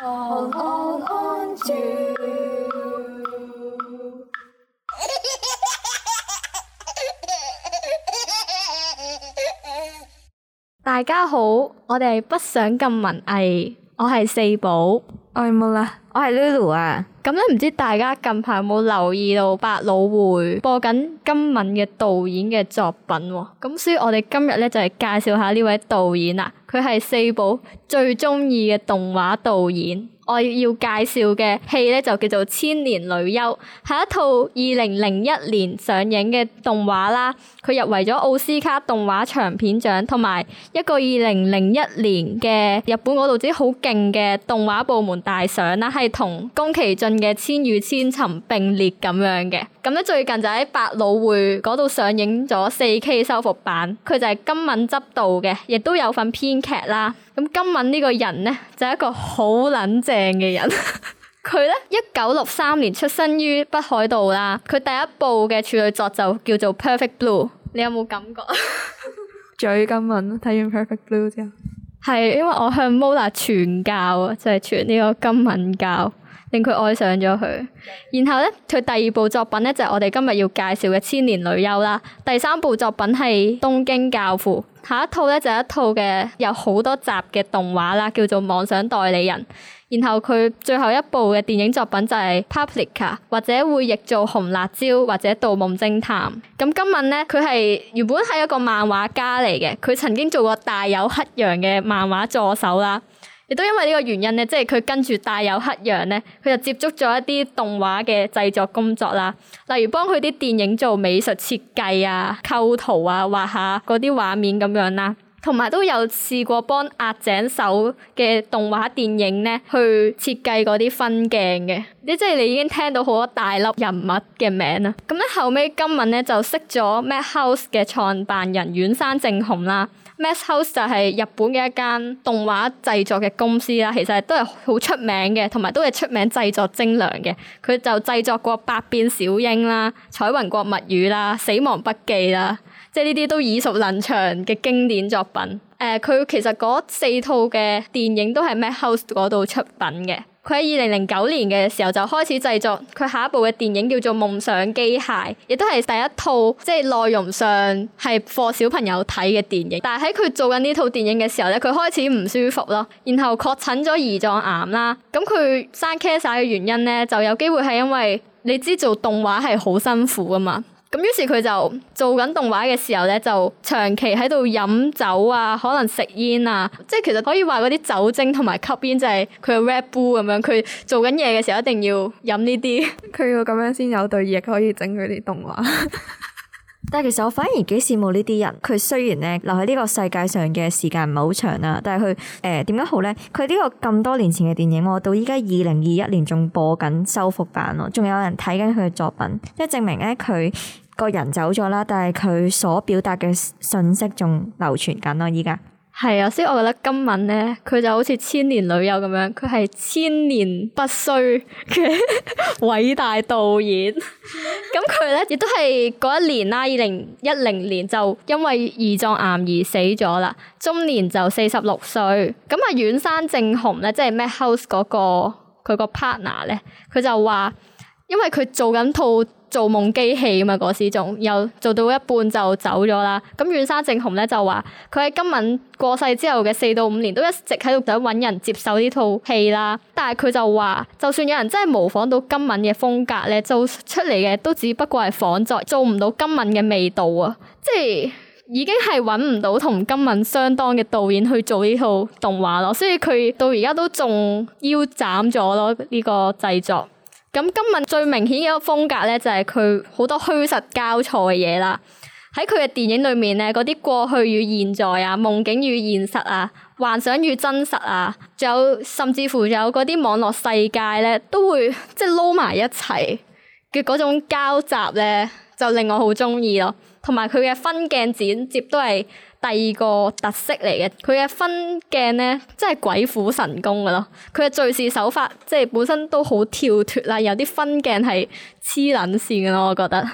All, all, 大家好，我哋不想咁文藝，我係四寶，愛冇啦，我係 Lulu 啊。咁咧，唔知大家近排有冇留意到百老匯播緊今敏嘅導演嘅作品喎？咁所以我哋今日咧就係介紹下呢位導演啦，佢係四寶最中意嘅動畫導演。我要介紹嘅戲咧就叫做《千年女優》，係一套二零零一年上映嘅動畫啦。佢入圍咗奧斯卡動畫長片獎，同埋一個二零零一年嘅日本嗰度啲好勁嘅動畫部門大賞啦。係同宮崎駿嘅《千與千尋》並列咁樣嘅。咁咧最近就喺百老匯嗰度上映咗 4K 修復版，佢就係今敏執導嘅，亦都有份編劇啦。咁今敏呢個人咧就係一個好冷靜正嘅人，佢咧一九六三年出生於北海道啦。佢第一部嘅處女作就叫做《Perfect Blue》，你有冇感覺？咀 今敏睇完《Perfect Blue》之後，係 因為我向 Mola 傳教啊，就係、是、傳呢個今敏教。令佢愛上咗佢，然後咧佢第二部作品咧就係我哋今日要介紹嘅千年女優啦，第三部作品係東京教父，下一套咧就係一套嘅有好多集嘅動畫啦，叫做妄想代理人，然後佢最後一部嘅電影作品就係 Paprika，或者會譯做紅辣椒或者盜夢偵探。咁今日咧佢係原本係一個漫畫家嚟嘅，佢曾經做過大友克洋嘅漫畫助手啦。亦都因為呢個原因咧，即係佢跟住大友克洋咧，佢就接觸咗一啲動畫嘅製作工作啦，例如幫佢啲電影做美術設計啊、構圖啊、畫下嗰啲畫面咁樣啦，同埋都有試過幫押井守嘅動畫電影咧去設計嗰啲分鏡嘅。你即係你已經聽到好多大粒人物嘅名啦。咁咧後尾，今敏咧就識咗 Mad House 嘅創辦人丸山正雄啦。Madhouse 就係日本嘅一間動畫製作嘅公司啦，其實都係好出名嘅，同埋都係出名製作精良嘅。佢就製作過《百變小櫻》啦，《彩雲國物語》啦，《死亡筆記》啦，即係呢啲都耳熟能詳嘅經典作品。誒、呃，佢其實嗰四套嘅電影都係 Madhouse 嗰度出品嘅。佢喺二零零九年嘅時候就開始製作佢下一部嘅電影叫做《夢想機械》，亦都係第一套即係內容上係畀小朋友睇嘅電影。但係喺佢做緊呢套電影嘅時候咧，佢開始唔舒服咯，然後確診咗胰臟癌啦。咁佢生 cancer 嘅原因咧，就有機會係因為你知做動畫係好辛苦㗎嘛。咁於是佢就做緊動畫嘅時候咧，就長期喺度飲酒啊，可能食煙啊，即係其實可以話嗰啲酒精同埋吸煙就係佢 Red Bull 咁樣，佢做緊嘢嘅時候一定要飲呢啲，佢要咁樣先有對翼可以整佢啲動畫。 但係其實我反而幾羨慕呢啲人，佢雖然咧留喺呢個世界上嘅時間唔係好長啦，但係佢誒點樣好咧？佢呢個咁多年前嘅電影，我到依家二零二一年仲播緊修復版咯，仲有人睇緊佢嘅作品，即係證明咧佢個人走咗啦，但係佢所表達嘅信息仲流傳緊咯依家。係啊，所以我覺得今敏咧，佢就好似千年女優咁樣，佢係千年不衰嘅偉大導演。咁佢咧亦都係嗰一年啦，二零一零年就因為胰臟癌而死咗啦，終年就四十六歲。咁阿遠山正雄咧，即係 Mad House 嗰個佢個 partner 咧，佢就話。因為佢做緊套造夢機器嘛，嗰時仲又做到一半就走咗啦。咁丸山正雄咧就話，佢喺今敏過世之後嘅四到五年都一直喺度想搵人接受呢套戲啦。但係佢就話，就算有人真係模仿到今敏嘅風格咧，做出嚟嘅都只不過係仿作，做唔到今敏嘅味道啊！即係已經係揾唔到同今敏相當嘅導演去做呢套動畫咯，所以佢到而家都仲腰斬咗咯呢個製作。咁今敏最明顯嘅一個風格咧，就係佢好多虛實交錯嘅嘢啦。喺佢嘅電影裏面咧，嗰啲過去與現在啊，夢境與現實啊，幻想與真實啊，仲有甚至乎仲有嗰啲網絡世界咧，都會即係撈埋一齊嘅嗰種交集咧，就令我好中意咯。同埋佢嘅分鏡剪接都係。第二個特色嚟嘅，佢嘅分鏡咧，真係鬼斧神工噶咯。佢嘅叙事手法，即係本身都好跳脫啦，有啲分鏡係黐撚線噶咯我覺得。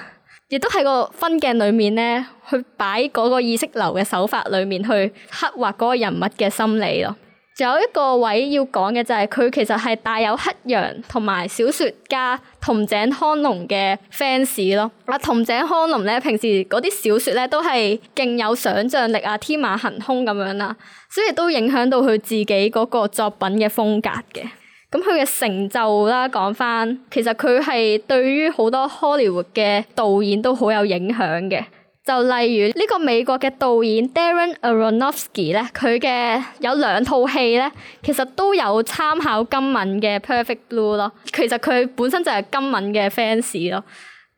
亦都喺個分鏡裏面咧，去擺嗰個意識流嘅手法裏面去刻畫嗰個人物嘅心理咯。仲有一個位要講嘅就係佢其實係帶有黑羊同埋小說家筒井康隆嘅 fans 咯，啊筒井康隆咧，平時嗰啲小說咧都係勁有想像力啊，天馬行空咁樣啦，所以都影響到佢自己嗰個作品嘅風格嘅。咁佢嘅成就啦，講返其實佢係對於好多 Hollywood 嘅導演都好有影響嘅。就例如呢個美國嘅導演 Darren Aronofsky 咧，佢嘅有兩套戲咧，其實都有參考今敏嘅 Perfect Blue 咯。其實佢本身就係今敏嘅 fans 咯。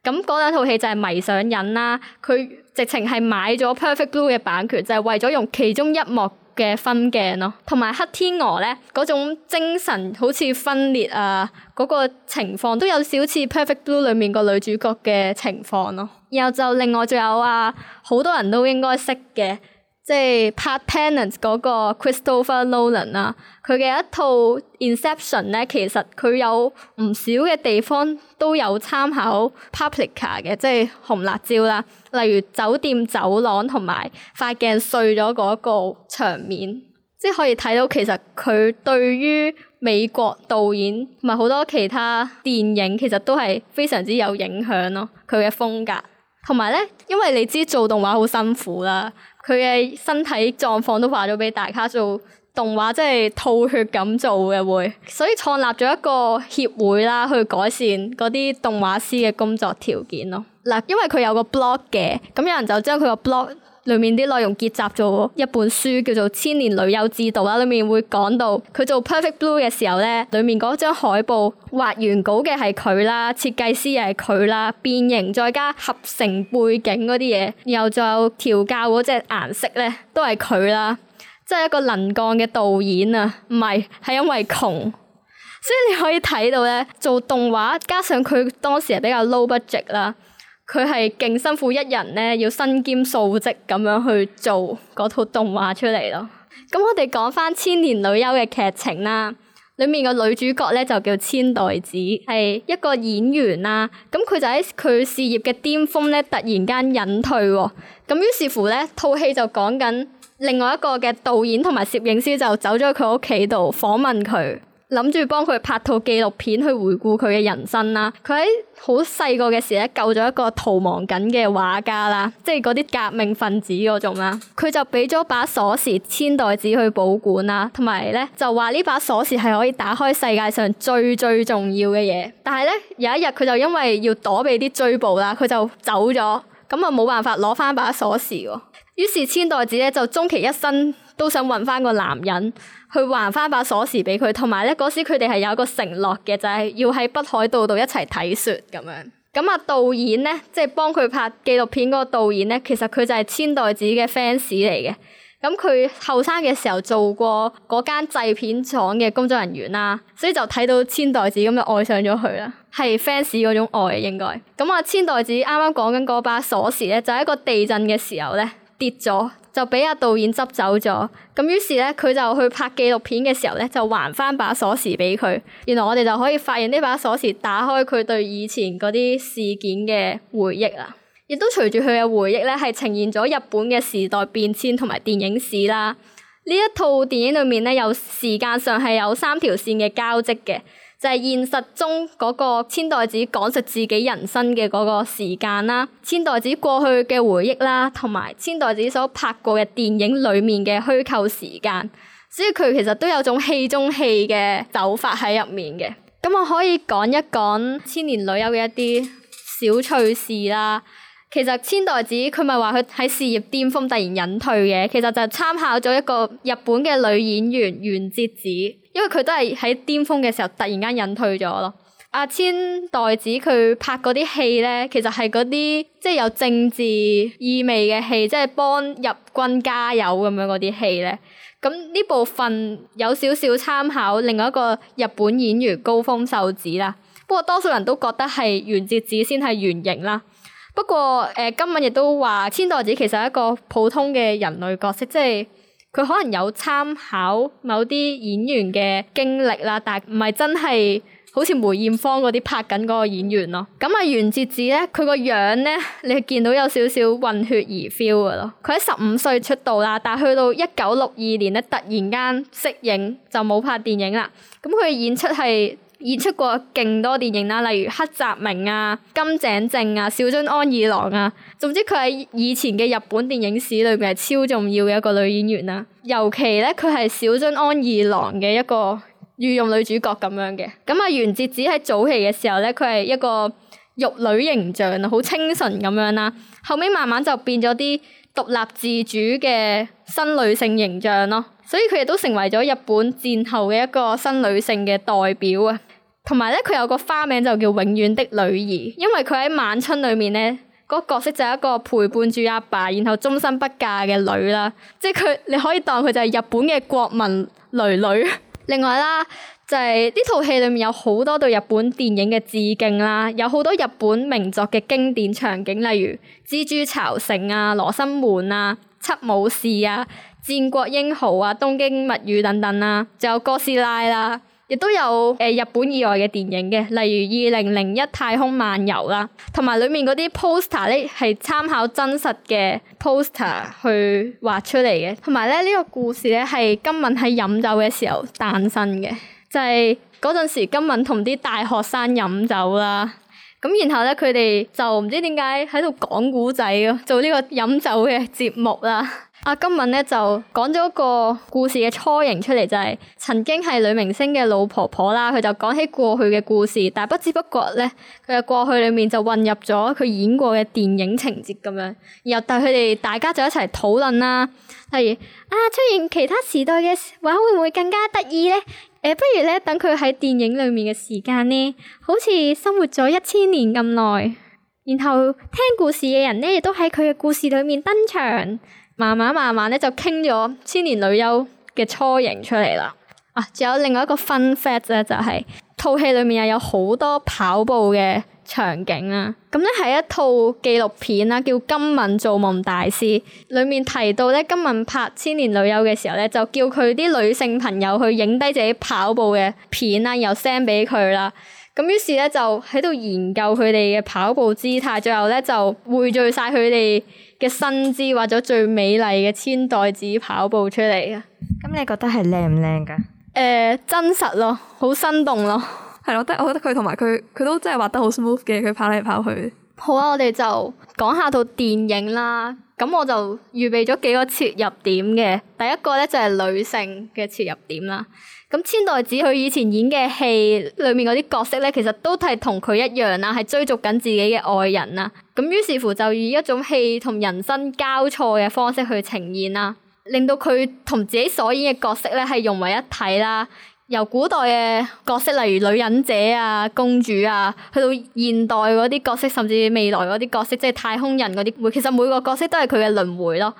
咁嗰兩套戲就係迷上癮啦。佢直情係買咗 Perfect Blue 嘅版權，就係為咗用其中一幕.嘅分鏡咯，同埋《黑天鵝》咧，嗰種精神好似分裂啊，嗰個情況都有少少似 Perfect Blue 裡面個女主角嘅情況咯。然後就另外仲有啊好多人都應該識嘅。即係拍、啊《Tenet》嗰個 Christopher Nolan 啦，佢嘅一套《Inception》咧，其實佢有唔少嘅地方都有參考《Paprika》嘅，即係紅辣椒啦。例如酒店走廊同埋塊鏡碎咗嗰個場面，即係可以睇到其實佢對於美國導演同埋好多其他電影，其實都係非常之有影響咯。佢嘅風格同埋咧，因為你知做動畫好辛苦啦。佢嘅身體狀況都話咗俾大家做動畫，真係吐血咁做嘅。會，所以創立咗一個協會啦，去改善嗰啲動畫師嘅工作條件咯。嗱，因為佢有個 blog 嘅，咁有人就將佢個 blog。裏面啲內容結集咗一本書，叫做《千年女友之道》啦。裏面會講到佢做 Perfect Blue 嘅時候咧，裏面嗰張海報畫完稿嘅係佢啦，設計師又係佢啦，變形再加合成背景嗰啲嘢，然後再調校嗰隻顏色咧，都係佢啦。即係一個能幹嘅導演啊！唔係，係因為窮，所以你可以睇到咧，做動畫加上佢當時係比較 low budget 啦。佢係勁辛苦一人咧，要身兼數職咁樣去做嗰套動畫出嚟咯。咁我哋講翻千年女優嘅劇情啦，裡面個女主角咧就叫千代子，係一個演員啦。咁佢就喺佢事業嘅巔峰咧，突然間隱退喎。咁於是乎咧，套戲就講緊另外一個嘅導演同埋攝影師就走咗去佢屋企度訪問佢。諗住幫佢拍套紀錄片去回顧佢嘅人生啦。佢喺好細個嘅時候救咗一個逃亡緊嘅畫家啦，即係嗰啲革命分子嗰種啦。佢就俾咗把鎖匙千代子去保管啦，同埋咧就話呢把鎖匙係可以打開世界上最最重要嘅嘢。但係咧有一日佢就因為要躲避啲追捕啦，佢就走咗，咁啊冇辦法攞翻把鎖匙喎。於是千代子咧就終其一生都想揾翻個男人。去還翻把鎖匙俾佢，同埋咧嗰時佢哋係有一個承諾嘅，就係要喺北海道度一齊睇雪咁樣。咁啊導演咧，即係幫佢拍紀錄片嗰個導演咧，其實佢就係千代子嘅 fans 嚟嘅。咁佢後生嘅時候做過嗰間製片廠嘅工作人員啦，所以就睇到千代子咁就愛上咗佢啦。係 fans 嗰種愛應該。咁啊千代子啱啱講緊嗰把鎖匙咧，就喺一個地震嘅時候咧跌咗。就俾阿導演執走咗，咁於是咧，佢就去拍紀錄片嘅時候咧，就還返把鎖匙俾佢。原來我哋就可以發現呢把鎖匙打開佢對以前嗰啲事件嘅回憶啦，亦都隨住佢嘅回憶咧，係呈現咗日本嘅時代變遷同埋電影史啦。呢一套電影裏面咧，有時間上係有三條線嘅交織嘅。就係現實中嗰個千代子講述自己人生嘅嗰個時間啦，千代子過去嘅回憶啦，同埋千代子所拍過嘅電影裡面嘅虛構時間，所以佢其實都有種戲中戲嘅走法喺入面嘅。咁我可以講一講千年女優嘅一啲小趣事啦。其實千代子佢咪話佢喺事業巔峰突然隱退嘅，其實就參考咗一個日本嘅女演員原節子。因為佢都係喺巔峰嘅時候突然間隱退咗咯、啊。阿千代子佢拍嗰啲戲咧，其實係嗰啲即係有政治意味嘅戲，即係幫日軍加油咁樣嗰啲戲咧。咁呢部分有少少參考另外一個日本演員高峰秀子啦。不過多數人都覺得係原節子先係原型啦。不過誒，今敏亦都話千代子其實係一個普通嘅人類角色，即係。佢可能有參考某啲演員嘅經歷啦，但唔係真係好似梅艷芳嗰啲拍緊嗰個演員咯。咁啊原節子咧，佢個樣咧，你見到有少少混血兒 feel 嘅咯。佢喺十五歲出道啦，但去到一九六二年咧，突然間息影就冇拍電影啦。咁佢嘅演出係。演出過勁多電影啦，例如黑澤明啊、金井正啊、小津安二郎啊，總之佢喺以前嘅日本電影史裏面係超重要嘅一個女演員啦。尤其咧，佢係小津安二郎嘅一個御用女主角咁樣嘅。咁啊，原節子喺早期嘅時候咧，佢係一個玉女形象啊，好清純咁樣啦。後尾慢慢就變咗啲獨立自主嘅新女性形象咯，所以佢亦都成為咗日本戰後嘅一個新女性嘅代表啊！同埋咧，佢有個花名就叫永遠的女兒，因為佢喺晚春裏面咧，嗰個角色就係一個陪伴住阿爸，然後終身不嫁嘅女啦。即係佢，你可以當佢就係日本嘅國民囡囡。 另外啦，就係呢套戲裏面有好多對日本電影嘅致敬啦，有好多日本名作嘅經典場景，例如蜘蛛巢城啊、羅生門啊、七武士啊、戰國英豪啊、東京物語等等啦，仲有哥斯拉啦。亦都有誒、呃、日本以外嘅電影嘅，例如《二零零一太空漫遊》啦，同埋裏面嗰啲 poster 咧係參考真實嘅 poster 去畫出嚟嘅。同埋咧呢、這個故事咧係今敏喺飲酒嘅時候誕生嘅，就係嗰陣時今敏同啲大學生飲酒啦。咁然後咧佢哋就唔知點解喺度講古仔咯，做呢個飲酒嘅節目啦。啊今敏咧就講咗個故事嘅雛形出嚟，就係、是、曾經係女明星嘅老婆婆啦。佢就講起過去嘅故事，但不知不覺咧，佢嘅過去裏面就混入咗佢演過嘅電影情節咁樣。然後但佢哋大家就一齊討論啦，例如啊出現其他時代嘅話會唔會更加得意咧？誒、呃，不如咧等佢喺電影裏面嘅時間咧，好似生活咗一千年咁耐。然後聽故事嘅人咧亦都喺佢嘅故事裏面登場。慢慢慢慢咧，就傾咗千年女優嘅雛形出嚟啦。啊，仲有另外一個 fun fact 咧，就係套戲裡面又有好多跑步嘅場景啦。咁咧係一套紀錄片啦，叫《今敏造夢大師》，裡面提到咧今敏拍千年女優嘅時候咧，就叫佢啲女性朋友去影低自己跑步嘅片啦，然後 send 俾佢啦。咁於是咧就喺度研究佢哋嘅跑步姿態，最後咧就匯聚晒佢哋嘅身姿，畫咗最美麗嘅千代子跑步出嚟啊！咁你覺得係靚唔靚噶？誒、呃，真實咯，好生動咯，係咯，我覺得我覺得佢同埋佢佢都真係畫得好 smooth 嘅，佢跑嚟跑去。好啊，我哋就講下套電影啦。咁我就預備咗幾個切入點嘅，第一個咧就係女性嘅切入點啦。咁千代子佢以前演嘅戲裏面嗰啲角色咧，其實都係同佢一樣啦，係追逐緊自己嘅愛人啦。咁於是乎就以一種戲同人生交錯嘅方式去呈現啦，令到佢同自己所演嘅角色咧係融為一體啦。由古代嘅角色，例如女忍者啊、公主啊，去到現代嗰啲角色，甚至未來嗰啲角色，即係太空人嗰啲，其實每個角色都係佢嘅輪迴咯。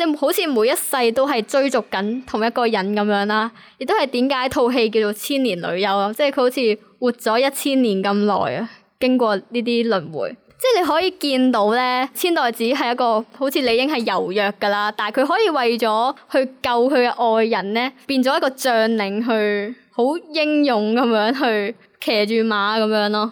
即係好似每一世都係追逐緊同一個人咁樣啦，亦都係點解套戲叫做千年女優咯。即係佢好似活咗一千年咁耐啊，經過呢啲輪迴，即係你可以見到咧，千代子係一個好似理應係柔弱噶啦，但係佢可以為咗去救佢嘅愛人咧，變咗一個將領去好英勇咁樣去騎住馬咁樣咯。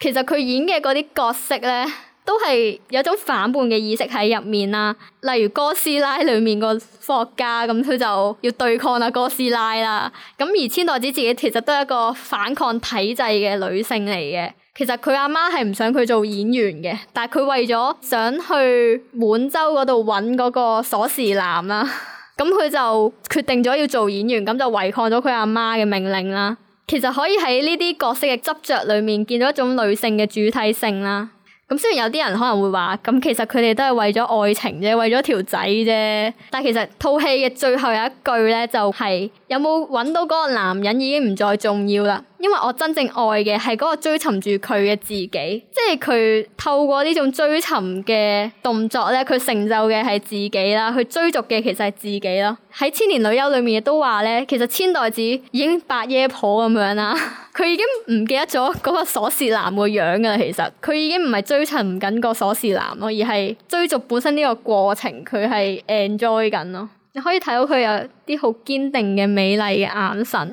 其實佢演嘅嗰啲角色咧，都係有種反叛嘅意識喺入面啦，例如哥斯拉裏面個科學家咁，佢就要對抗阿、啊、哥斯拉啦。咁而千代子自己其實都係一個反抗體制嘅女性嚟嘅。其實佢阿媽係唔想佢做演員嘅，但係佢為咗想去滿洲嗰度揾嗰個鎖匙男啦，咁佢就決定咗要做演員，咁就違抗咗佢阿媽嘅命令啦。其實可以喺呢啲角色嘅執着裏面見到一種女性嘅主體性啦。咁雖然有啲人可能會話，咁其實佢哋都係為咗愛情啫，為咗條仔啫。但其實套戲嘅最後有一句咧，就係，就係有冇揾到嗰個男人已經唔再重要啦。因為我真正愛嘅係嗰個追尋住佢嘅自己，即係佢透過呢種追尋嘅動作咧，佢成就嘅係自己啦。佢追逐嘅其實係自己咯。喺千年女優裏面亦都話咧，其實千代子已經伯爺婆咁樣啦，佢已經唔記得咗嗰個鎖匙男個樣噶啦。其實佢已經唔係追尋緊個鎖匙男咯，而係追逐本身呢個過程，佢係 enjoy 緊咯。你可以睇到佢有啲好堅定嘅美麗嘅眼神。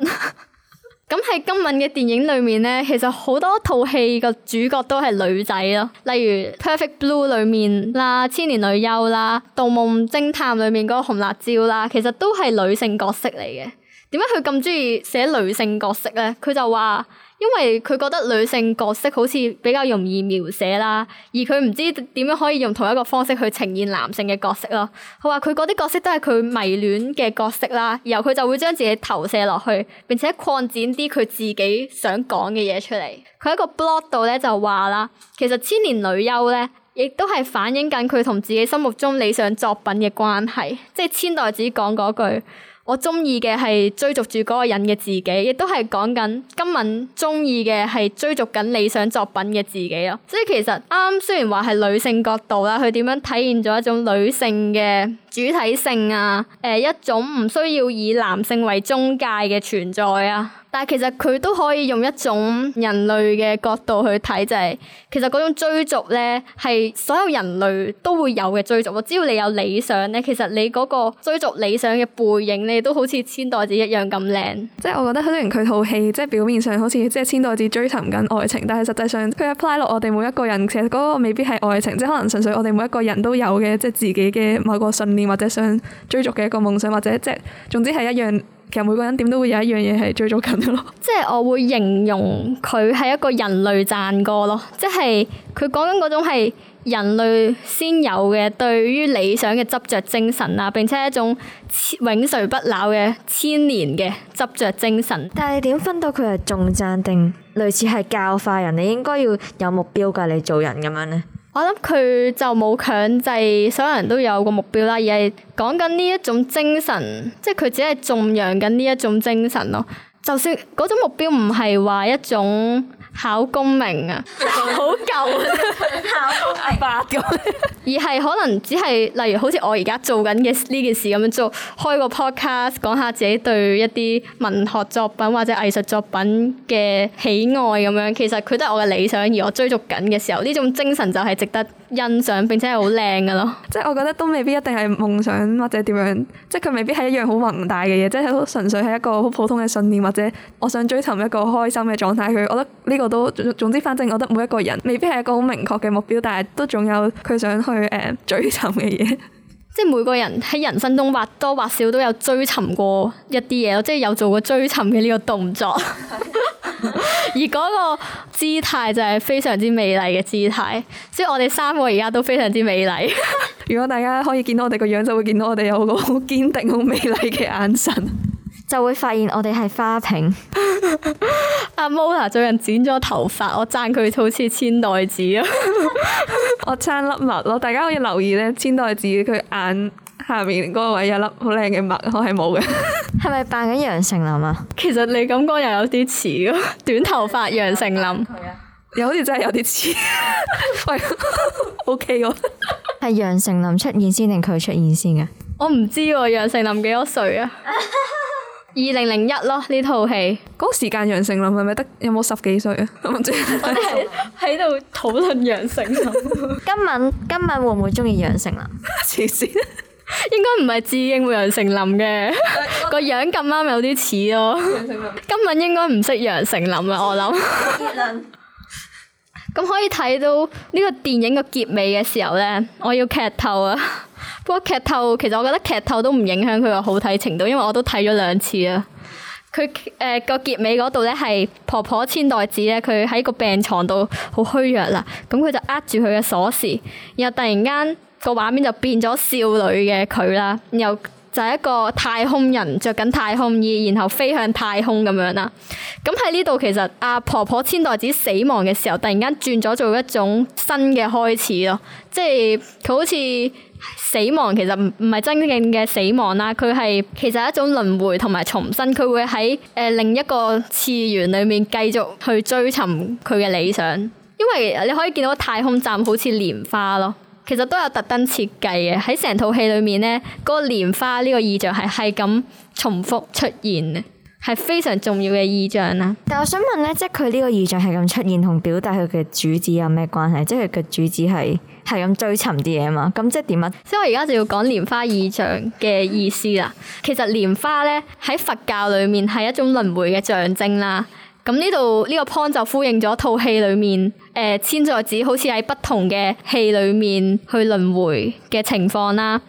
咁喺今敏嘅電影裏面咧，其實好多套戲個主角都係女仔咯，例如《Perfect Blue》裏面啦，《千年女優》啦，《盜夢偵探》裏面嗰個紅辣椒啦，其實都係女性角色嚟嘅。點解佢咁鍾意寫女性角色咧？佢就話。因為佢覺得女性角色好似比較容易描寫啦，而佢唔知點樣可以用同一個方式去呈現男性嘅角色囉。佢話佢嗰啲角色都係佢迷戀嘅角色啦，然後佢就會將自己投射落去，並且擴展啲佢自己想講嘅嘢出嚟。佢喺個 blog 度呢就話啦，其實千年女優呢，亦都係反映緊佢同自己心目中理想作品嘅關係，即係千代子講嗰句。我中意嘅係追逐住嗰個人嘅自己，亦都係講緊今敏中意嘅係追逐緊理想作品嘅自己啊！即係其實啱啱雖然話係女性角度啦，佢點樣體現咗一種女性嘅主體性啊？誒，一種唔需要以男性為中介嘅存在啊！但係其實佢都可以用一種人類嘅角度去睇，就係其實嗰種追逐咧係所有人類都會有嘅追逐喎。只要你有理想咧，其實你嗰個追逐理想嘅背影咧，都好似千代子一樣咁靚。即係我覺得雖然佢套戲即係表面上好似即係千代子追尋緊愛情，但係實際上佢 apply 落我哋每一個人，其實嗰個未必係愛情，即係可能純粹我哋每一個人都有嘅，即係自己嘅某個信念或者想追逐嘅一個夢想，或者即係總之係一樣。其實每個人點都會有一樣嘢係最緊要嘅咯。即係我會形容佢係一個人類讚歌咯，即係佢講緊嗰種係人類先有嘅對於理想嘅執着精神啊，並且係一種永垂不朽嘅千年嘅執着精神。但係你點分到佢係仲讚定類似係教化人？你應該要有目標㗎，你做人咁樣咧。我諗佢就冇強制所有人都有個目標啦，而係講緊呢一種精神，即係佢只係頌揚緊呢一種精神咯。就算嗰種目標唔係話一種，考功名啊，好 舊啊， 考功名發咁， 而係可能只係例如好似我而家做緊嘅呢件事咁樣做，開個 podcast 講下自己對一啲文學作品或者藝術作品嘅喜愛咁樣，其實佢都係我嘅理想，而我追逐緊嘅時候，呢種精神就係值得。印象並且係好靚嘅咯， 即係我覺得都未必一定係夢想或者點樣，即係佢未必係一樣好宏大嘅嘢，即係純粹係一個好普通嘅信念或者我想追尋一個開心嘅狀態。佢我覺得呢個都總之，反正我覺得每一個人未必係一個好明確嘅目標，但係都總有佢想去誒、呃、追尋嘅嘢。 即係每個人喺人生中或多或少都有追尋過一啲嘢咯，即係有做過追尋嘅呢個動作， 而嗰個姿態就係非常之美麗嘅姿態。所以我哋三個而家都非常之美麗。如果大家可以見到我哋個樣，就會見到我哋有個好堅定、好美麗嘅眼神。就會發現我哋係花瓶。阿 Mola 最近剪咗頭髮，我贊佢好似千代子啊！ 我差粒麥咯，大家可以留意咧，千代子佢眼下面嗰個位有粒好靚嘅麥，我係冇嘅。係咪扮緊楊丞琳啊？其實你咁講又有啲似咯，短頭髮楊丞琳。佢啊， 又好似真係有啲似。喂 O K 咯，係楊丞琳出現先定佢出現先啊？我唔知喎，楊丞琳幾多歲啊？二零零一咯，呢套戲，嗰時間，楊丞琳係咪得有冇十幾歲啊？ 我哋係喺度討論楊丞琳。 今敏今敏會唔會中意楊丞琳？似先經， 應該唔係致敬楊丞琳嘅，個、欸、 樣咁啱有啲似咯。 楊丞琳。今敏應該唔識楊丞琳啦，我諗。丞 琳。咁可以睇到呢個電影嘅結尾嘅時候咧，我要劇透啊！不過劇透其實我覺得劇透都唔影響佢個好睇程度，因為我都睇咗兩次啦。佢誒個結尾嗰度咧係婆婆千代子咧，佢喺個病床度好虛弱啦，咁佢就握住佢嘅鎖匙，然後突然間個畫面就變咗少女嘅佢啦，然後就係一個太空人着緊太空衣，然後飛向太空咁樣啦。咁喺呢度其實阿婆婆千代子死亡嘅時候，突然間轉咗做一種新嘅開始咯，即係佢好似～死亡其實唔唔係真正嘅死亡啦，佢係其實係一種輪迴同埋重生，佢會喺誒、呃、另一個次元裡面繼續去追尋佢嘅理想。因為你可以見到太空站好似蓮花咯，其實都有特登設計嘅。喺成套戲裡面咧，嗰、嗰個蓮花呢個意象係係咁重複出現嘅，係非常重要嘅意象啦。但我想問咧，即係佢呢個意象係咁出現同表達佢嘅主旨有咩關係？即係佢嘅主旨係。係咁追尋啲嘢嘛？咁即係點啊？所以我而家就要講蓮花意象嘅意思啦。其實蓮花咧喺佛教裏面係一種輪迴嘅象徵啦。咁呢度呢個 point 就呼應咗套戲裏面誒、呃、千在子好似喺不同嘅戲裏面去輪迴嘅情況啦。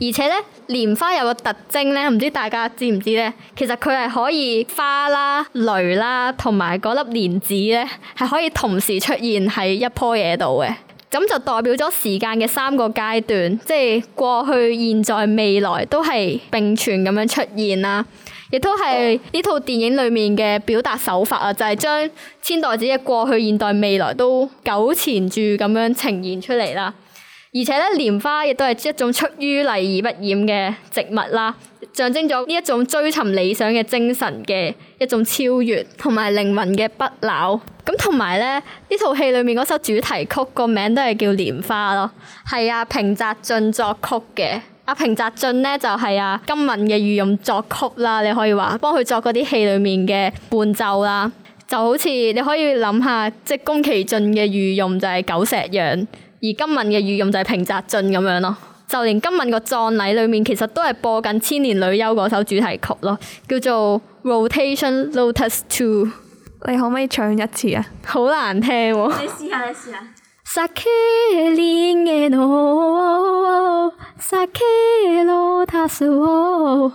而且咧，蓮花有個特徵咧，唔知大家知唔知咧？其實佢係可以花啦、蕊啦，同埋嗰粒蓮子咧，係可以同時出現喺一樖嘢度嘅。咁就代表咗時間嘅三個階段，即係過去、現在、未來都係並存咁樣出現啦。亦都係呢套電影裡面嘅表達手法啊，就係將千代子嘅過去、現代、未來都糾纏住咁樣呈現出嚟啦。而且呢，蓮花亦都係一種出於泥而不染嘅植物啦。象徵咗呢一種追尋理想嘅精神嘅一種超越，同埋靈魂嘅不朽。咁同埋咧，呢套戲裏面嗰首主題曲個名都係叫《蓮花》咯。係啊，平澤進作曲嘅。阿、啊、平澤進呢就係、是、啊今敏嘅御用作曲啦，你可以話幫佢作嗰啲戲裏面嘅伴奏啦。就好似你可以諗下，即宮崎駿嘅御用就係久石讓，而今敏嘅御用就係平澤進咁樣咯。就連今敏個葬禮裏面，其實都係播緊《千年女優》嗰首主題曲咯，叫做《Rotation Lotus Two》。你可唔可以唱一次啊？好難聽喎、啊啊。你試下，你試下。Sakura no sakura so。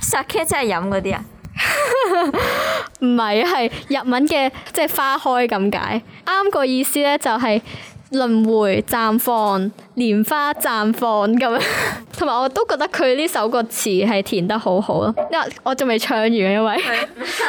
Sakura 即係飲嗰啲啊？唔係啊，係日文嘅，即係花開咁解。啱個意思咧，就係。輪迴、綻放、蓮花綻放咁，同埋我都覺得佢呢首歌詞係填得好好咯。因為我仲未唱完，因為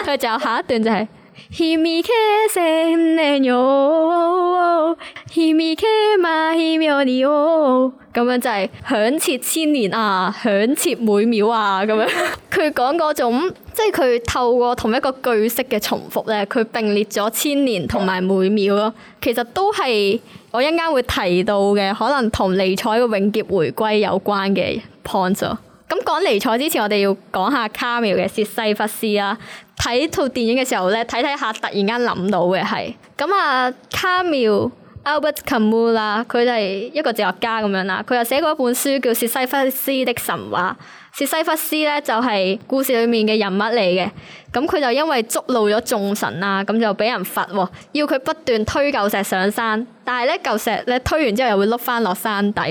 佢仲 有下一段就係，He me que se me yo，He me que ma he meonio，咁樣就係響徹千年啊，響徹每秒啊，咁樣。佢講嗰種，即係佢透過同一個句式嘅重複咧，佢並列咗千年同埋每秒咯。其實都係。我一間會提到嘅，可能同尼采嘅永劫回歸有關嘅 point。咁講尼采之前，我哋要講下卡妙嘅《薛西弗斯》啦。睇套電影嘅時候咧，睇睇下突然間諗到嘅係，咁啊卡妙 a l b e r t Camus 啦，佢係一個哲學家咁樣啦，佢又寫過一本書叫《薛西弗斯的神話》。薛西弗斯咧就係故事裏面嘅人物嚟嘅，咁佢就因為捉弄咗眾神啊，咁就俾人罰喎，要佢不斷推舊石上山，但係咧舊石咧推完之後又會碌翻落山底，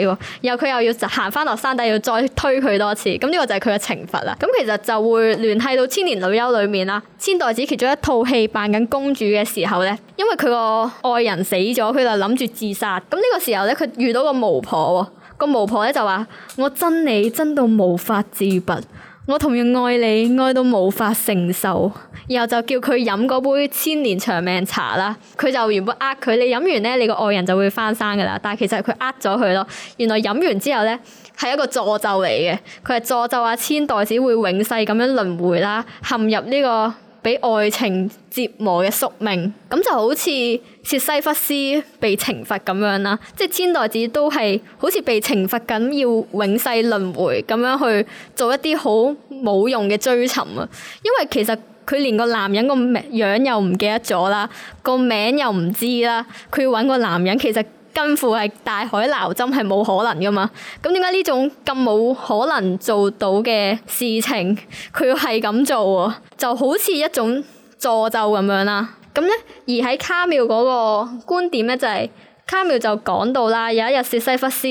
然後佢又要行翻落山底要再推佢多次，咁、這、呢個就係佢嘅懲罰啦。咁其實就會聯繫到千年女優裏面啦，千代子其中一套戲扮緊公主嘅時候咧，因為佢個愛人死咗，佢就諗住自殺，咁、這、呢個時候咧佢遇到個巫婆喎。個巫婆咧就話：我憎你憎到無法自拔，我同樣愛你愛到無法承受。然後就叫佢飲嗰杯千年長命茶啦。佢就原本呃佢，你飲完咧，你個愛人就會翻生噶啦。但係其實佢呃咗佢咯。原來飲完之後咧，係一個詛咒嚟嘅。佢係詛咒阿千代子會永世咁樣輪回啦，陷入呢、這個。俾愛情折磨嘅宿命，咁就好似薛西弗斯被懲罰咁樣啦，即係千代子都係好似被懲罰緊，要永世輪迴咁樣去做一啲好冇用嘅追尋啊！因為其實佢連個男人個名樣又唔記得咗啦，個名又唔知啦，佢要揾個男人其實。近乎係大海撈針，係冇可能㗎嘛？咁點解呢種咁冇可能做到嘅事情，佢要係咁做喎、啊？就好似一種詛咒咁樣啦、啊。咁咧，而喺卡繆嗰個觀點咧，就係、是、卡繆就講到啦，有一日薛西弗斯……」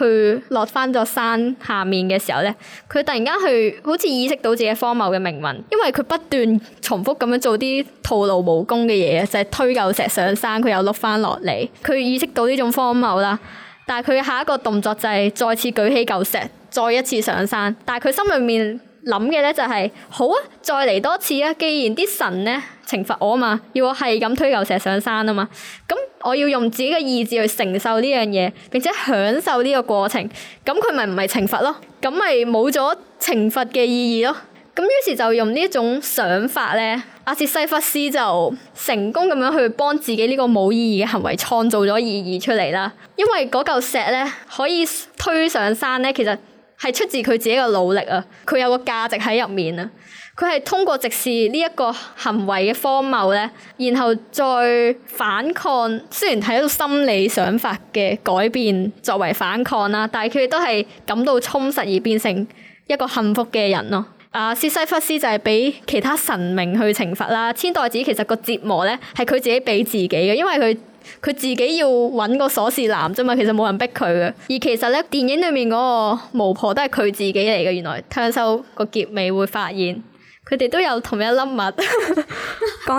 佢落翻座山下面嘅時候咧，佢突然間去好似意識到自己荒謬嘅命運，因為佢不斷重複咁樣做啲徒勞無功嘅嘢，就係、是、推嚿石上山，佢又碌翻落嚟。佢意識到呢種荒謬啦，但係佢下一個動作就係再次舉起嚿石，再一次上山，但係佢心裏面，諗嘅咧就係好啊，再嚟多次啊！既然啲神咧懲罰我啊嘛，要我係咁推嚿石上山啊嘛，咁我要用自己嘅意志去承受呢樣嘢，並且享受呢個過程，咁佢咪唔係懲罰咯？咁咪冇咗懲罰嘅意義咯？咁於是就用呢一種想法咧，薛西弗斯就成功咁樣去幫自己呢個冇意義嘅行為創造咗意義出嚟啦。因為嗰嚿石咧可以推上山咧，其實。係出自佢自己嘅努力啊，佢有個價值喺入面啊，佢係通過直視呢一個行為嘅荒謬咧，然後再反抗。雖然係一種心理想法嘅改變作為反抗啦，但係佢都係感到充實而變成一個幸福嘅人咯。啊，薛西弗斯就係俾其他神明去懲罰啦。千代子其實個折磨咧係佢自己俾自己嘅，因為佢。佢自己要揾個鎖匙男啫嘛，其實冇人逼佢嘅。而其實咧，電影裏面嗰個巫婆都係佢自己嚟嘅。原來聽收個結尾會發現，佢哋都有同一粒物。講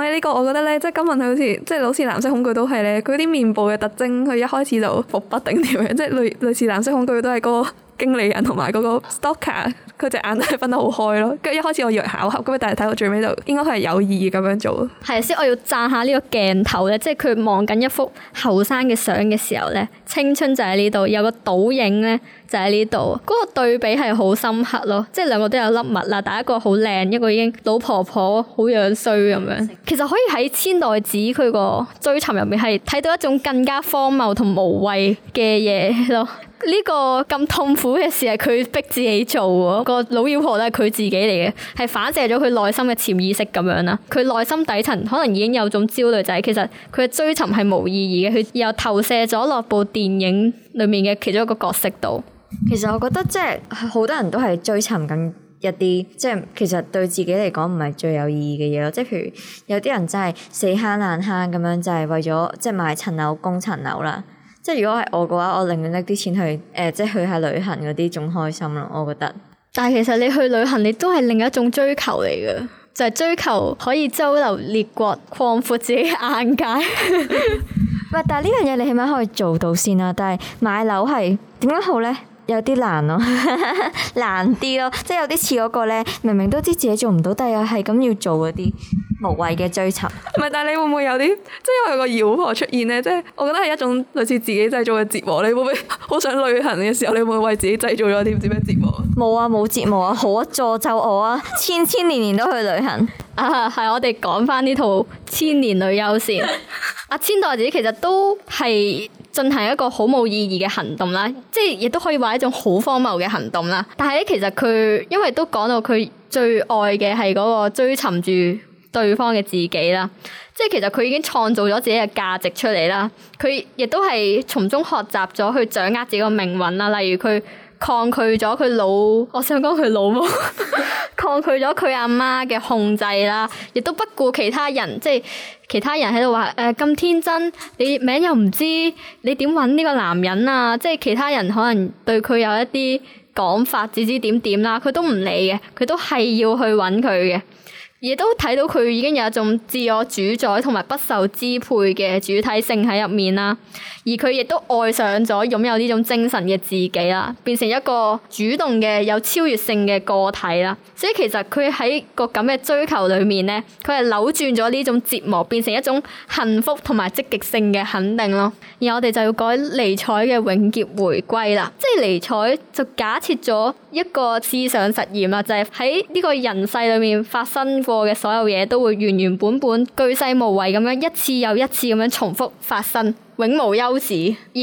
起呢、呢個，我覺得咧，即係今敏好似，即係好似藍色恐懼都係咧，佢啲面部嘅特徵，佢一開始就伏筆定點樣，即係類類似藍色恐懼都係、嗰個。經理人同埋嗰個 stalker，佢隻眼都係分得好開咯。跟住一開始我以為巧合，咁但係睇到最尾度應該係有意咁樣做。係先，我要讚下呢個鏡頭咧，即係佢望緊一幅後生嘅相嘅時候咧，青春就喺呢度，有個倒影咧。就喺呢度，嗰、嗰個對比係好深刻咯，即係兩個都有粒癦啦，但係一個好靚，一個已經老婆婆好樣衰咁樣。其實可以喺千代子佢個追尋入面係睇到一種更加荒謬同無謂嘅嘢咯。呢、呢個咁痛苦嘅事係佢逼自己做喎，嗰個老妖婆都係佢自己嚟嘅，係反射咗佢內心嘅潛意識咁樣啦。佢內心底層可能已經有種焦慮，就係、係、其實佢嘅追尋係冇意義嘅，佢又投射咗落部電影裡面嘅其中一個角色度。其實我覺得即係好多人都係追尋緊一啲即係其實對自己嚟講唔係最有意義嘅嘢咯，即係譬如有啲人真係死慳爛慳咁樣，就係為咗即係買層樓供層樓啦。即係如果係我嘅話，我寧願搦啲錢去誒、呃，即係去下旅行嗰啲仲開心咯，我覺得。但係其實你去旅行，你都係另一種追求嚟嘅，就係、係、追求可以周遊列國，擴闊自己眼界。喂！ 但係呢樣嘢你起碼可以做到先啦。但係買樓係點樣好咧？有啲難咯、喔， 難啲咯，即係有啲似嗰個咧，明明都知自己做唔到，但係又係咁要做嗰啲無謂嘅追求。咪但係你會唔會有啲，即係有個妖婆出現咧，即係我覺得係一種類似自己製造嘅折磨。你會唔會好想旅行嘅時候，你會唔會為自己製造咗啲點樣折磨？冇啊，冇折磨啊，好啊，詛咒我啊， 千千年年都去旅行。啊，係我哋講翻呢套千年女優先、 啊。阿千代子其實都係。進行一個好冇意義嘅行動啦，即係亦都可以話係一種好荒謬嘅行動啦。但係咧，其實佢因為都講到佢最愛嘅係嗰個追尋住對方嘅自己啦，即係其實佢已經創造咗自己嘅價值出嚟啦。佢亦都係從中學習咗去掌握自己嘅命運啦。例如佢抗拒咗佢老，我想講佢老母。 抗拒咗佢阿媽嘅控制啦，亦都不顧其他人，即係其他人喺度話：誒咁天真，你名又唔知，你點揾呢個男人啊？即係其他人可能對佢有一啲講法指指點點啦，佢都唔理嘅，佢都係要去揾佢嘅。亦都睇到佢已經有一種自我主宰同埋不受支配嘅主體性喺入面啦，而佢亦都愛上咗擁有呢種精神嘅自己啦，變成一個主動嘅有超越性嘅個體啦。所以其實佢喺個咁嘅追求裏面呢，佢係扭轉咗呢種折磨，變成一種幸福同埋積極性嘅肯定咯。而我哋就要改尼采嘅永劫回歸啦，即係尼采就假設咗。一個思想實驗啦，就係喺呢個人世裏面發生過嘅所有嘢，都會原原本本、巨細無遺咁樣一次又一次咁樣重複發生，永無休止。而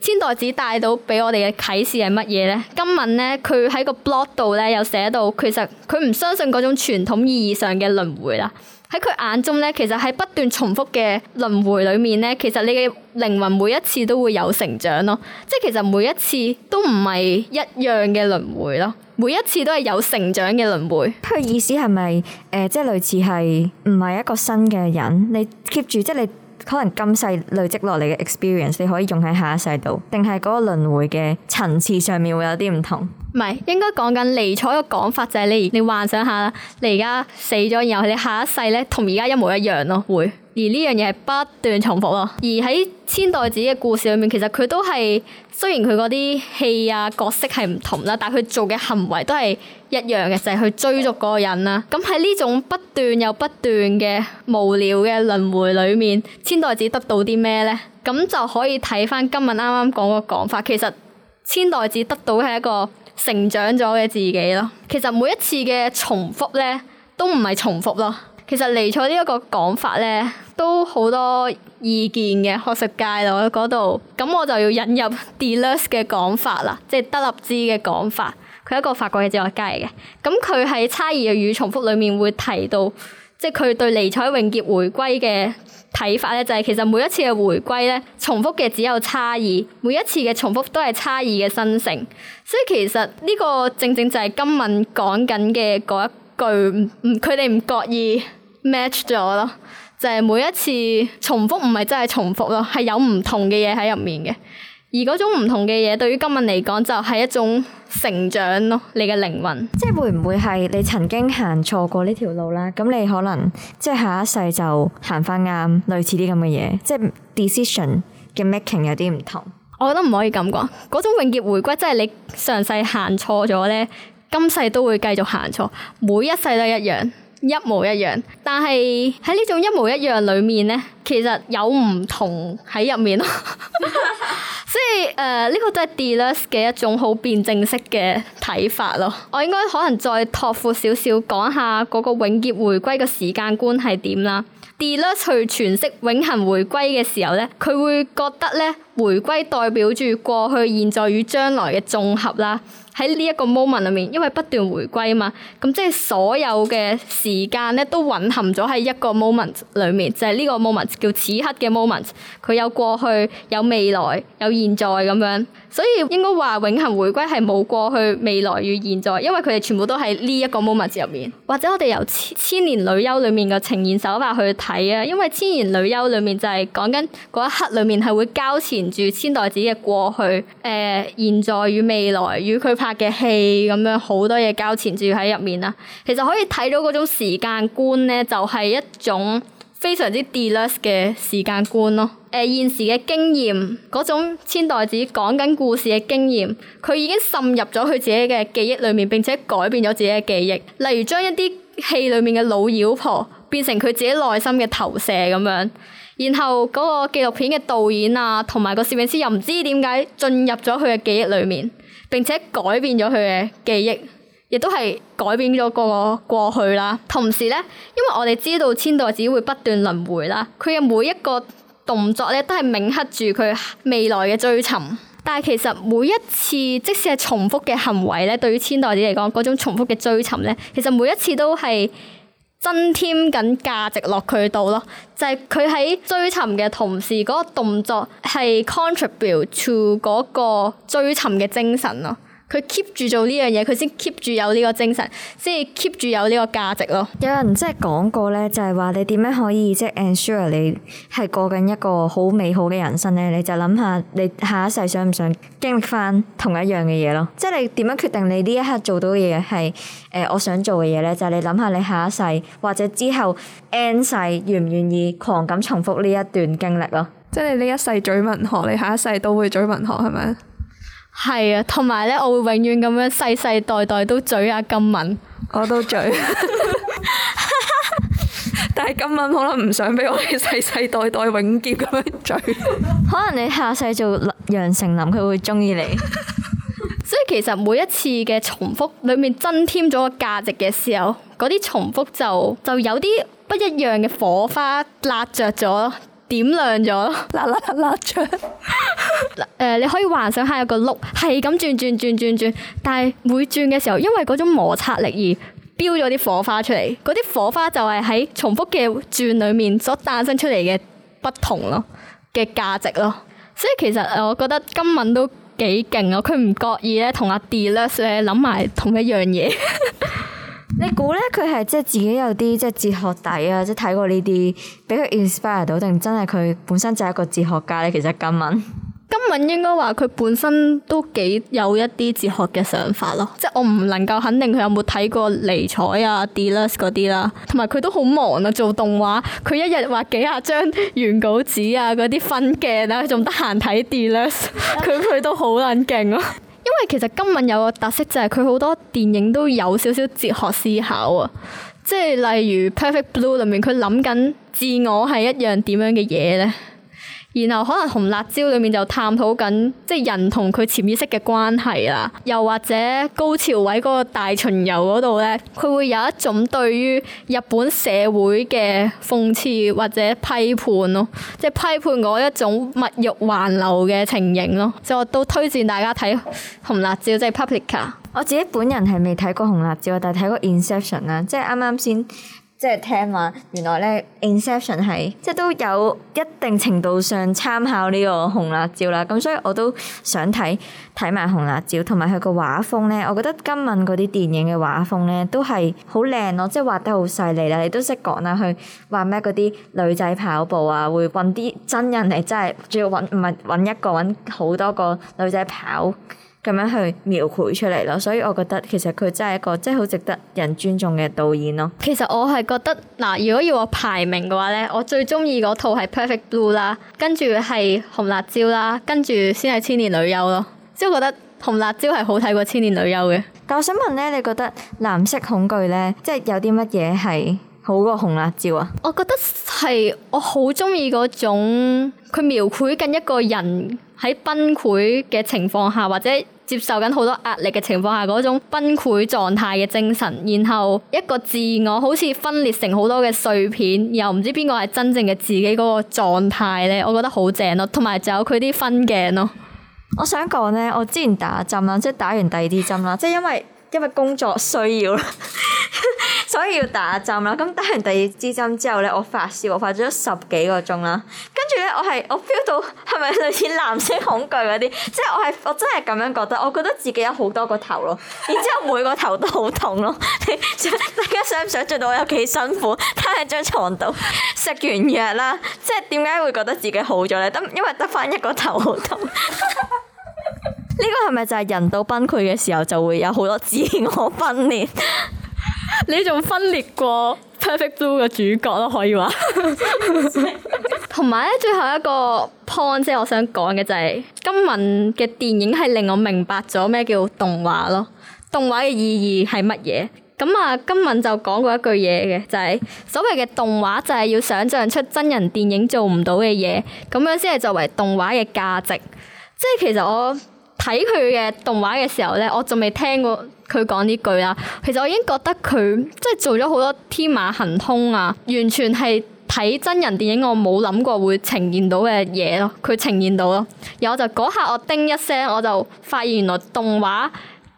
千代子帶到俾我哋嘅啟示係乜嘢呢？今敏呢，佢喺個 blog 度呢，又寫到，其實佢唔相信嗰種傳統意義上嘅輪迴啦。喺佢眼中咧，其實喺不斷重複嘅輪迴裏面咧，其實你嘅靈魂每一次都會有成長咯。即係其實每一次都唔係一樣嘅輪迴咯，每一次都係有成長嘅輪迴。佢意思係咪誒，即係類似係唔係一個新嘅人？你 keep 住，即係你。可能今世累積落嚟嘅 experience，你可以用喺下一世度，定係嗰個輪迴嘅層次上面會有啲唔同。唔係，應該講緊尼采嘅講法就係你，你幻想下你而家死咗，然後你下一世咧同而家一模一樣咯，會。而呢樣嘢係不斷重複咯。而喺千代子嘅故事裏面，其實佢都係雖然佢嗰啲戲啊角色係唔同啦，但佢做嘅行為都係一樣嘅，就係、是、去追逐嗰個人啦。咁喺呢種不斷又不斷嘅無聊嘅輪迴裏面，千代子得到啲咩呢？咁就可以睇返今日啱啱講個講法，其實千代子得到係一個成長咗嘅自己咯。其實每一次嘅重複呢，都唔係重複咯。其實尼采呢一個講法呢。都好多意見嘅學術界度嗰度，咁我就要引入 Deleuze 嘅講法啦，即係德勒茲嘅講法。佢係一個法國嘅哲學家嚟嘅，咁佢喺差異與重複裡面會提到，即係佢對尼采永劫回歸嘅睇法咧，就係其實每一次嘅回歸咧，重複嘅只有差異，每一次嘅重複都係差異嘅生成。所以其實呢個正正就係今敏講緊嘅嗰一句，唔唔，佢哋唔覺意 match 咗咯。就係每一次重複，唔係真係重複咯，係有唔同嘅嘢喺入面嘅。而嗰種唔同嘅嘢，對於今日嚟講，就係一種成長咯，你嘅靈魂。即係會唔會係你曾經行錯過呢條路啦？咁你可能即係下一世就行翻啱，類似啲咁嘅嘢。即係 decision 嘅 making 有啲唔同。我覺得唔可以咁講，嗰種永劫回歸，即係你上世行錯咗咧，今世都會繼續行錯，每一世都一樣。一模一樣，但係喺呢種一模一樣裏面咧，其實有唔同喺入面咯。 所以誒，呢、呃這個都係 Deleuze 嘅一種好辯證式嘅睇法咯。我應該可能再拓闊少少，講下嗰個永劫回歸嘅時間觀係點啦。 Deleuze 去詮釋永恆回歸嘅時候咧，佢會覺得咧，回歸代表住過去、現在與將來嘅綜合啦。喺呢一個 moment 裏面，因為不斷回歸啊嘛，咁即係所有嘅時間咧都蘊含咗喺一個 moment 裏面，就係呢個 moment 叫此刻嘅 moment，佢有過去、有未來、有現在咁樣。所以應該話永恆回歸係冇過去、未來與現在，因為佢哋全部都喺呢一個 moment 入面。或者我哋由千年女優裡面嘅呈現手法去睇啊，因為千年女優裡面就係講緊嗰一刻裡面係會交纏住千代子嘅過去、誒、呃、現在與未來與佢拍嘅戲咁樣，好多嘢交纏住喺入面啊。其實可以睇到嗰種時間觀呢，就係一種，非常之 Deleuze 嘅時間觀咯，誒、呃、現時嘅經驗嗰種千代子講緊故事嘅經驗，佢已經滲入咗佢自己嘅記憶裏面，並且改變咗自己嘅記憶。例如將一啲戲裏面嘅老妖婆變成佢自己內心嘅投射咁樣，然後嗰個紀錄片嘅導演啊，同埋個攝影師又唔知點解進入咗佢嘅記憶裏面，並且改變咗佢嘅記憶。亦都係改變咗個過去啦。同時咧，因為我哋知道千代子會不斷輪迴啦，佢嘅每一個動作咧都係銘刻住佢未來嘅追尋。但係其實每一次，即使係重複嘅行為咧，對於千代子嚟講，嗰種重複嘅追尋咧，其實每一次都係增添緊價值落佢度咯。就係佢喺追尋嘅同時，嗰個動作係 contribute to 嗰個追尋嘅精神咯。佢 keep 住做呢樣嘢，佢先 keep 住有呢個精神，先 keep 住有呢個價值咯。有人即係講過咧，就係話你點樣可以即係 ensure 你係過緊一個好美好嘅人生咧？你就諗下你下一世想唔想經歷返同一樣嘅嘢咯？即係你點樣決定你呢一刻做到嘅嘢係誒我想做嘅嘢咧？就係你諗下你下一世或者之後 n 世願唔願意狂咁重複呢一段經歷咯？即係你呢一世咀文學，你下一世都會咀文學係咪？係啊，同埋咧，我會永遠咁樣世世代代都嘴阿、啊、今敏，我都嘴。 但係今敏可能唔想俾我哋世世代代永劫咁樣嘴。 可能你下世做楊丞琳，佢會中意你。 所以其實每一次嘅重複，裡面增添咗個價值嘅時候，嗰啲重複就就有啲不一樣嘅火花焫着咗。點亮咗、 呃，啦啦啦啦轉，誒你可以幻想下有個碌係咁轉轉轉轉轉，但係每轉嘅時候，因為嗰種摩擦力而飆咗啲火花出嚟，嗰啲火花就係喺重複嘅轉裡面所誕生出嚟嘅不同咯，嘅價值咯，所以其實我覺得今敏都幾勁啊，佢唔覺意咧同阿 Deleuze 咧諗埋同一樣嘢。 你估咧，佢係即係自己有啲即係哲學底啊，即係睇過呢啲，俾佢 inspire 到，定真係佢本身就係一個哲學家咧？其實今敏，今敏應該話佢本身都幾有一啲哲學嘅想法咯，即係我唔能夠肯定佢有冇睇過尼采啊、 Deleuze 嗰啲啦，同埋佢都好忙啊，做動畫，佢一日畫幾廿張原稿紙啊，嗰啲分鏡啊，仲得閒睇 Deleuze，佢佢都好撚勁咯。因為其實今敏有個特色就係佢好多電影都有少少哲學思考啊，即係例如《Perfect Blue》裏面，佢諗緊自我係一樣點樣嘅嘢咧。然後可能紅辣椒裏面就探討緊即係人同佢潛意識嘅關係啦，又或者高潮位嗰個大巡遊嗰度咧，佢會有一種對於日本社會嘅諷刺或者批判咯，即係批判我一種物欲橫流嘅情形咯。所以我都推薦大家睇紅辣椒，即係 Paprika。我自己本人係未睇過紅辣椒啊，但係睇過 Inception 啊，即係啱啱先。即係聽話，原來咧《Inception》係即係都有一定程度上參考呢個《紅辣椒》啦。咁所以我都想睇睇埋《紅辣椒》，同埋佢個畫風咧，我覺得今敏嗰啲電影嘅畫風咧都係好靚咯，即係畫得好細膩啦。你都識講啦，佢話咩嗰啲女仔跑步啊，會揾啲真人嚟，真係仲要揾唔係揾一個，揾好多個女仔跑。咁樣去描繪出嚟咯，所以我覺得其實佢真係一個真係好值得人尊重嘅導演咯。其實我係覺得，嗱，如果要我排名嘅話咧，我最中意嗰套係《Perfect Blue》啦，跟住係《紅辣椒》啦，跟住先係《千年女優》咯。即係我覺得《紅辣椒》係好睇過《千年女優》嘅。但我想問咧，你覺得《藍色恐懼》咧，即係有啲乜嘢係好過《紅辣椒》啊？我覺得係我好中意嗰種。佢描繪緊一個人喺崩潰嘅情況下，或者接受緊好多壓力嘅情況下嗰種崩潰狀態嘅精神，然後一個自我好似分裂成好多嘅碎片，又唔知邊個係真正嘅自己嗰個狀態咧，我覺得好正咯，同埋仲有佢啲分鏡咯。我想講咧，我之前打針啦，即係打完第二啲針啦，即係因為。因為工作需要 所以要打針啦。咁打完第二支針之後咧，我發燒，我發咗十幾個鐘啦。跟住咧，我係我 feel 到係咪類似藍色恐懼嗰啲？即係我係我真係咁樣覺得，我覺得自己有好多個頭咯。然之後每個頭都好痛咯。 你大家想唔想像到我有幾辛苦？攤喺張床度食完藥啦，即係點解會覺得自己好咗咧？得因為得翻一個頭好痛。 呢個係咪就係人到崩潰嘅時候就會有好多自我分裂？ 你仲分裂過《Perfect Blue》嘅主角咯，可以話。同埋咧，最後一個 point 即係，我想講嘅就係今敏嘅電影係令我明白咗咩叫動畫咯。動畫嘅意義係乜嘢？咁啊，今敏就講過一句嘢嘅，就係、是、所謂嘅動畫就係要想像出真人電影做唔到嘅嘢，咁樣先係作為動畫嘅價值。即係其實我。睇佢嘅動畫嘅時候咧，我仲未聽過佢講呢句啊。其實我已經覺得佢即係做咗好多天馬行空啊，完全係睇真人電影我冇諗過會呈現到嘅嘢咯，佢呈現到咯。然後就嗰下我叮一聲，我就發現原來動畫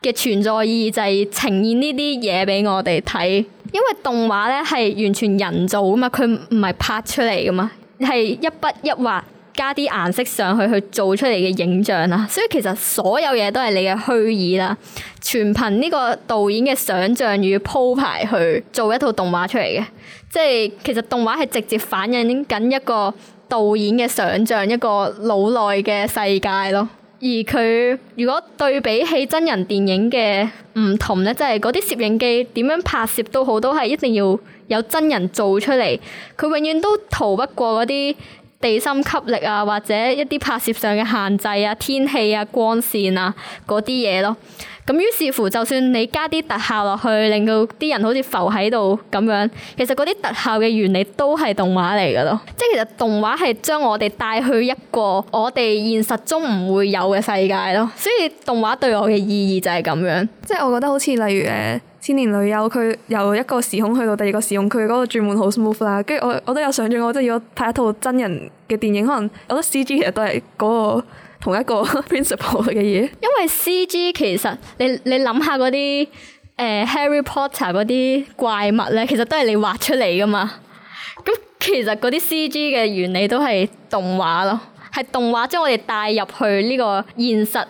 嘅存在意義就係呈現呢啲嘢俾我哋睇，因為動畫咧係完全人造啊嘛，佢唔係拍出嚟噶嘛，係一筆一畫。加啲顏色上去去做出嚟嘅影像啊，所以其實所有嘢都係你嘅虛擬啦，全憑呢個導演嘅想像與鋪排去做一套動畫出嚟嘅，即係其實動畫係直接反映緊一個導演嘅想像，一個腦內嘅世界咯。而佢如果對比起真人電影嘅唔同咧，即係嗰啲攝影機點樣拍攝都好，都係一定要有真人做出嚟，佢永遠都逃不過嗰啲地心吸力啊，或者一啲拍攝上嘅限制啊，天氣啊，光線啊，嗰啲嘢咯。咁於是乎，就算你加啲特效落去，令到啲人好似浮喺度咁樣，其實嗰啲特效嘅原理都係動畫嚟噶咯。即係其實動畫係將我哋帶去一個我哋現實中唔會有嘅世界咯。所以動畫對我嘅意義就係咁樣。即係我覺得好似例如誒《千年女優》，佢由一個時空去到第二個時空，佢嗰個轉換好 smooth 啦。跟住我我都有想像過我真係要拍一套真人嘅電影，可能我覺得 CG 其實都係嗰個。同一個 principle 嘅嘢，因為 CG 其實你你諗下嗰啲誒 Harry Potter 嗰啲怪物咧，其實都係你畫出嚟㗎嘛。咁其實嗰啲 CG 嘅原理都係動畫咯，係動畫將我哋帶入去呢個現實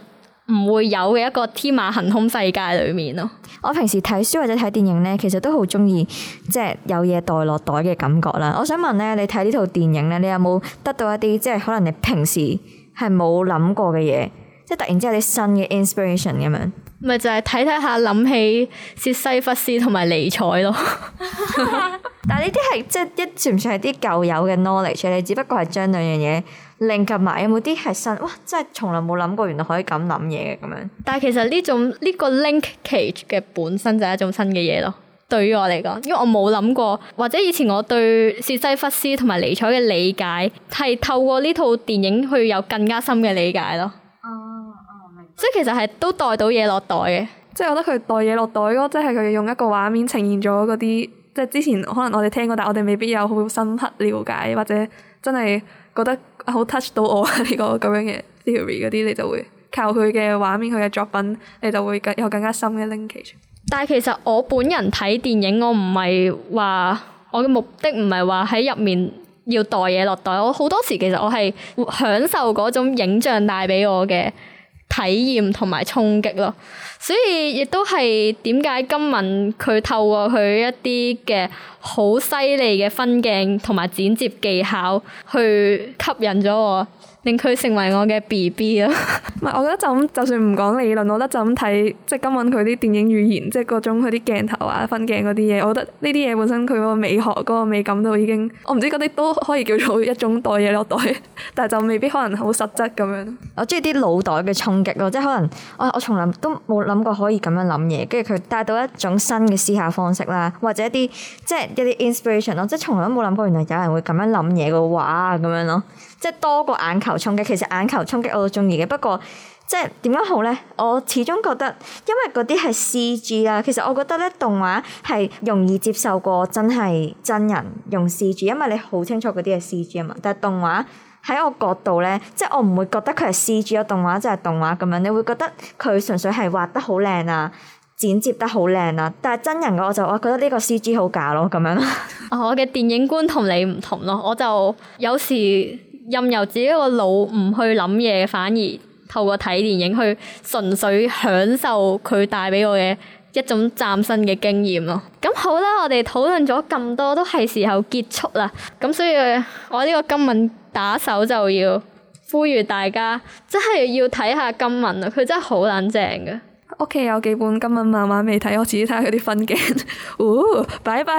唔會有嘅一個天馬行空世界裡面咯。我平時睇書或者睇電影咧，其實都好鍾意即係有嘢袋落袋嘅感覺啦。我想問咧，你睇呢套電影咧，你有冇得到一啲即係可能你平時？係冇諗過嘅嘢，即係突然之間有啲新嘅 inspiration 咁樣。咪就係睇睇下諗起薛西弗斯同埋尼采咯 但。但係呢啲係即係一算唔算係啲舊有嘅 knowledge？你只不過係將兩樣嘢 link 埋，有冇啲係新？哇！真係從嚟冇諗過，原來可以咁諗嘢嘅咁樣。但係其實呢種呢、呢個 linkage 嘅本身就係一種新嘅嘢咯。對於我嚟講，因為我冇諗過，或者以前我對《薛西弗斯》同埋《尼采》嘅理解係透過呢套電影去有更加深嘅理解咯。哦，即、哦、係其實係都到袋到嘢落袋嘅，即係我覺得佢袋嘢落袋咯，即係佢用一個畫面呈現咗嗰啲，即係之前可能我哋聽過，但係我哋未必有好深刻了解，或者真係覺得好 touch 到我啊！呢、這個咁樣嘅 theory 嗰啲，你就會靠佢嘅畫面、佢嘅作品，你就會更有更加深嘅 linkage。但係其實我本人睇電影，我唔係話我嘅目的唔係話喺入面要袋嘢落袋，我好多時其實我係享受嗰種影像帶俾我嘅體驗同埋衝擊咯。所以亦都係點解今敏佢透過佢一啲嘅好犀利嘅分鏡同埋剪接技巧去吸引咗我。令佢成為我嘅 B B 啊。唔 係，我覺得就咁，就算唔講理論，我覺得就咁睇，即係今敏佢啲電影語言，即係嗰種佢啲鏡頭啊、分鏡嗰啲嘢，我覺得呢啲嘢本身佢嗰個美學、嗰、嗰個美感都已經，我唔知嗰啲都可以叫做一種袋嘢落袋，但係就未必可能好實質咁樣。我中意啲腦袋嘅衝擊咯，即係可能我我從來都冇諗過可以咁樣諗嘢，跟住佢帶到一種新嘅思考方式啦，或者一啲即係一啲 inspiration 咯，即係從來都冇諗過原來有人會咁樣諗嘢嘅話咁樣咯，即係多個眼球。衝擊，其實眼球衝擊我都中意嘅，不過即係點樣好咧？我始終覺得，因為嗰啲係 C G 啦。其實我覺得咧，動畫係容易接受過真係真人用 C G，因為你好清楚嗰啲係 C G 啊嘛。但係動畫喺我角度咧，即係我唔會覺得佢係 C G 啊。動畫就係動畫咁樣。你會覺得佢純粹係畫得好靚啊，剪接得好靚啊。但係真人嘅我就我覺得呢個 C G 好假咯，咁樣。我嘅電影觀同你唔同咯，我就有時。任由自己個腦唔去諗嘢，反而透過睇電影去純粹享受佢帶俾我嘅一種嶄新嘅經驗咯。咁好啦，我哋討論咗咁多，都係時候結束啦。咁所以，我呢個今敏打手就要呼籲大家，即係要睇下今敏啦，佢真係好冷靜噶。屋企有幾本今敏漫畫未睇，我自己睇下佢啲分鏡。哦，拜拜，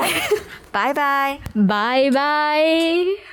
拜拜，拜拜。